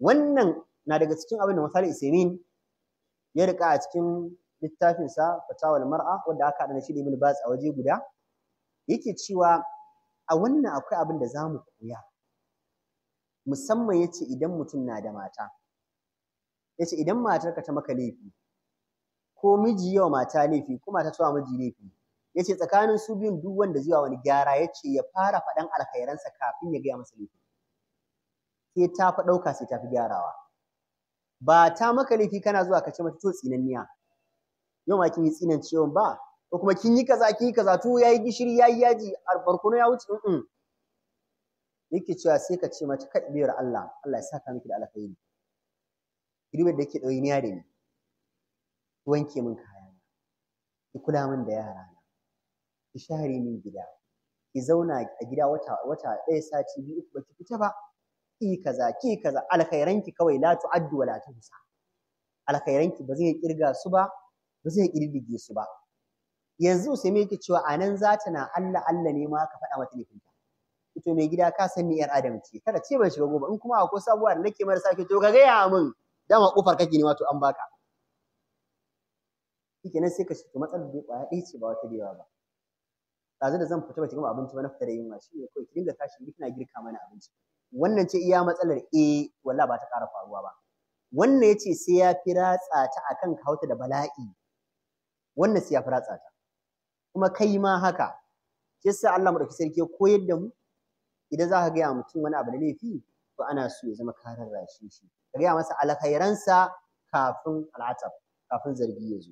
wannan na daga cikin abin da misali Usaimin ya rika a cikin littafinsa Fatawal Mar'a wanda aka haɗa shi da Ibn bas a waje guda yake cewa a wannan akwai abin da zamu koya musamman yace idan mutum na da mata yace idan ka ta maka laifi ko miji yawa mata laifi ko mata ta miji laifi yace tsakanin su biyun duk wanda zuwa wani gyara yace ya fara faɗan alkhairansa kafin ya gaya masa laifi sai ta fa ɗauka sai ta fi gyarawa ba ta maka laifi kana zuwa ka ce mata to tsinanniya yau ma kin yi tsinan ciwon ba ko kuma kin yi kaza kin yi kaza to yayi gishiri yayi yaji barkono ya wuce in yake cewa sai ka ce mata kai biyar Allah Allah ya saka miki da alkhairi ribar da yake niya da ni ki wanke min kayana ki kula min da yarana ki share min gida ki zauna a gida wata wata ɗaya sati biyu ba ki fita ba ki kaza ki kaza alkhairanki kawai la tu'addu wa la tuhsa alkhairanki ba zai kirga su ba ba zai kirdige su ba yanzu sai me yake cewa anan zata na Allah Allah ne ma ka faɗa mata ne kinta ito mai gida ka san ni yar adam ce kada ce ban shiga gobe in kuma akwai sabuwa da nake marasa ke to ka gaya mun. dama kufar kake ne wato an baka Kike nan sai ka shiga matsalar da kwaya ɗaya ce ba wata da ba ɗazu da zan fita ba ki gama abinci ba na fita da yunwa shi ne kawai ki dinga tashi na girka mana abinci wannan ce iya matsalar e eh, wallah ba ta ƙara faruwa ba wannan ya ce sai ya fi ratsa ta a kan ta da bala'i wannan sai ya fi ratsa ta kuma kai ma haka shi sa Allah madauki sarki koyar da mu idan za ka gaya mutum wani abu da laifi to ana so ya zama karar rashi shi ka gaya masa alkhairansa kafin al'atab kafin zargi ya zo